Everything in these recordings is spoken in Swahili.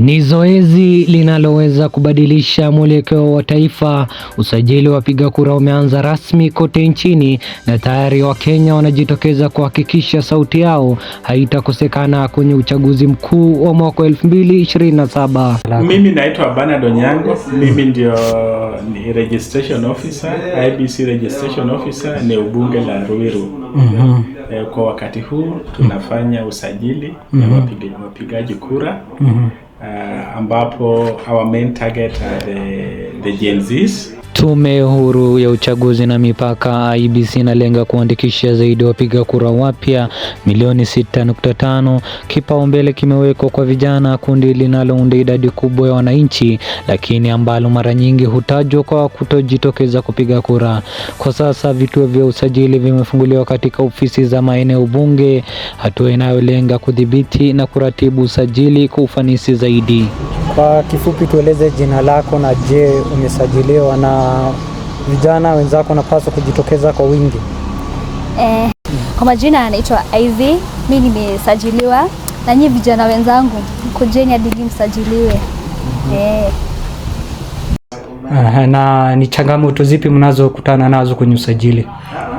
Ni zoezi linaloweza kubadilisha mwelekeo wa taifa. Usajili wa wapiga kura umeanza rasmi kote nchini na tayari Wakenya wanajitokeza kuhakikisha sauti yao haitakosekana kwenye uchaguzi mkuu wa mwaka 2027. Mimi naitwa Bernard Onyango, mimi ndio ni registration officer, IBC registration officer ni ubunge la Ruiru. Mm -hmm. Kwa wakati huu tunafanya usajili mm -hmm. ya wapigaji kura mm -hmm. Uh, ambapo our main target are the the Gen Zs. Tume Huru ya Uchaguzi na Mipaka IEBC inalenga kuandikisha zaidi wapiga kura wapya milioni 6.5. Kipaumbele kimewekwa kwa vijana, kundi linalounda idadi kubwa ya wananchi, lakini ambalo mara nyingi hutajwa kwa kutojitokeza kupiga kura. Kwa sasa vituo vya usajili vimefunguliwa katika ofisi za maeneo bunge, hatua inayolenga kudhibiti na kuratibu usajili kwa ufanisi zaidi. Kwa kifupi, tueleze jina lako na je, umesajiliwa? Na vijana wenzako wanapaswa kujitokeza kwa wingi. Eh, kwa majina anaitwa Ivy, mi nimesajiliwa, na nyinyi vijana wenzangu kujeni hadi msajiliwe. mm -hmm. eh. Aha, na ni changamoto zipi mnazokutana nazo kwenye usajili?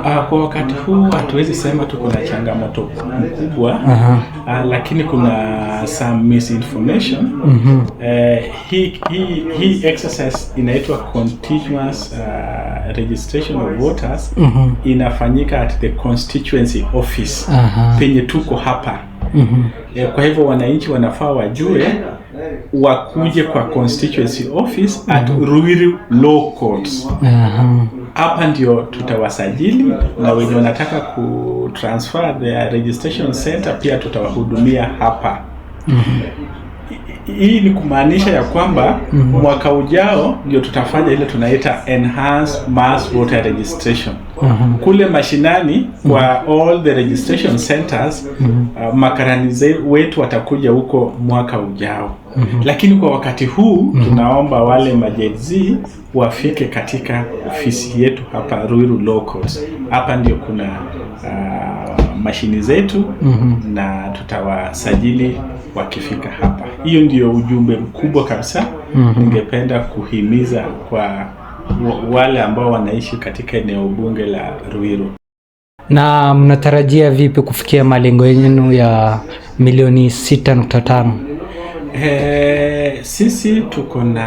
Uh, kwa wakati huu hatuwezi sema tuko na changamoto mkubwa. Aha. Uh, lakini kuna some misinformation. mm -hmm. Uh, eh, hii hii hii exercise inaitwa continuous uh, registration of voters. mm -hmm. Inafanyika at the constituency office. Aha. Penye tuko hapa. mm -hmm. Uh, kwa hivyo wananchi wanafaa wajue wakuje kwa constituency office at Ruiru Law Courts. Hapa ndio tutawasajili na wenye wanataka ku transfer their registration center pia tutawahudumia hapa. Mm -hmm. Hii ni kumaanisha ya kwamba mm -hmm. mwaka ujao ndio tutafanya ile tunaita enhanced mass voter registration mm -hmm. kule mashinani kwa mm -hmm. all the registration centers mm -hmm. uh, makarani wetu watakuja huko mwaka ujao. -hmm. Lakini kwa wakati huu mm -hmm. tunaomba wale majezi wafike katika ofisi yetu hapa Ruiru Locals. Hapa ndio kuna uh, mashini zetu mm -hmm. na tutawasajili wakifika hapa. Hiyo ndio ujumbe mkubwa kabisa mm -hmm. ningependa kuhimiza kwa wale ambao wanaishi katika eneo bunge la Ruiru. Na mnatarajia vipi kufikia malengo yenu ya milioni 6.5? eh, sisi tuko na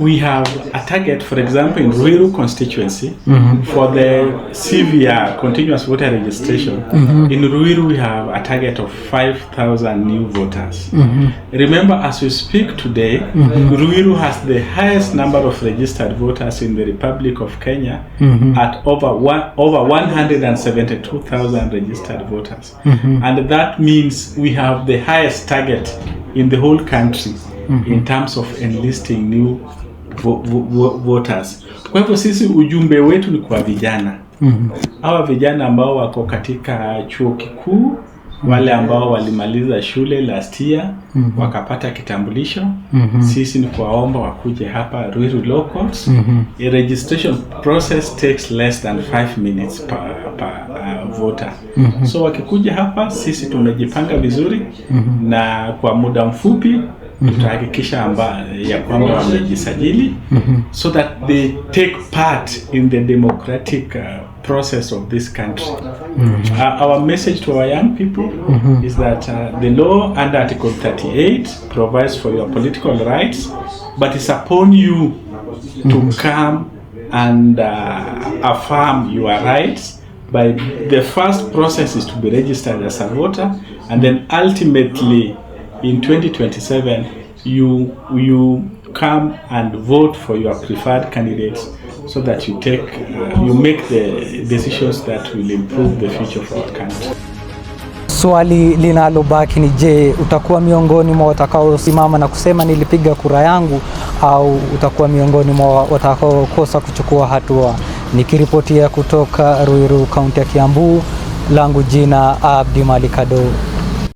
we have a target, for example, in Ruiru constituency mm -hmm. for the CVR, continuous voter registration. Mm -hmm. In Ruiru, we have a target of 5,000 new voters. Mm -hmm. Remember, as we speak today, mm -hmm. Ruiru has the highest number of registered voters in the Republic of Kenya mm -hmm. at over, one, over 172,000 registered voters. Mm -hmm. And that means we have the highest target in the whole country. Mm -hmm. in terms of enlisting new voters. Kwa hivyo sisi ujumbe wetu ni kwa vijana mm -hmm. vijana ambao wako katika chuo kikuu wale ambao walimaliza shule last year mm -hmm. wakapata kitambulisho mm -hmm. Sisi ni kuwaomba wakuje hapa Ruiru locals mm -hmm. A registration process takes less than 5 minutes per, per uh, voter mm -hmm. So wakikuja hapa sisi tumejipanga vizuri mm -hmm. na kwa muda mfupi Mhm. tutahakikisha ya kwamba mhm. wamejisajili mhm. so that they take part in the democratic uh, process of this country. Mm -hmm. Uh, our message to our young people mm -hmm. is that uh, the law under Article 38 provides for your political rights, but it's upon you mm -hmm. to come and uh, affirm your rights by the first process is to be registered as a voter and then ultimately in 2027 you you come and vote for your preferred candidates so that you take uh, you make the decisions that will improve the future for our country. Swali linalobaki ni je, utakuwa miongoni mwa watakaosimama na kusema nilipiga kura yangu au utakuwa miongoni mwa watakaokosa kuchukua hatua? Nikiripotia kutoka Ruiru, kaunti ya Kiambu, langu jina Abdi Malikado.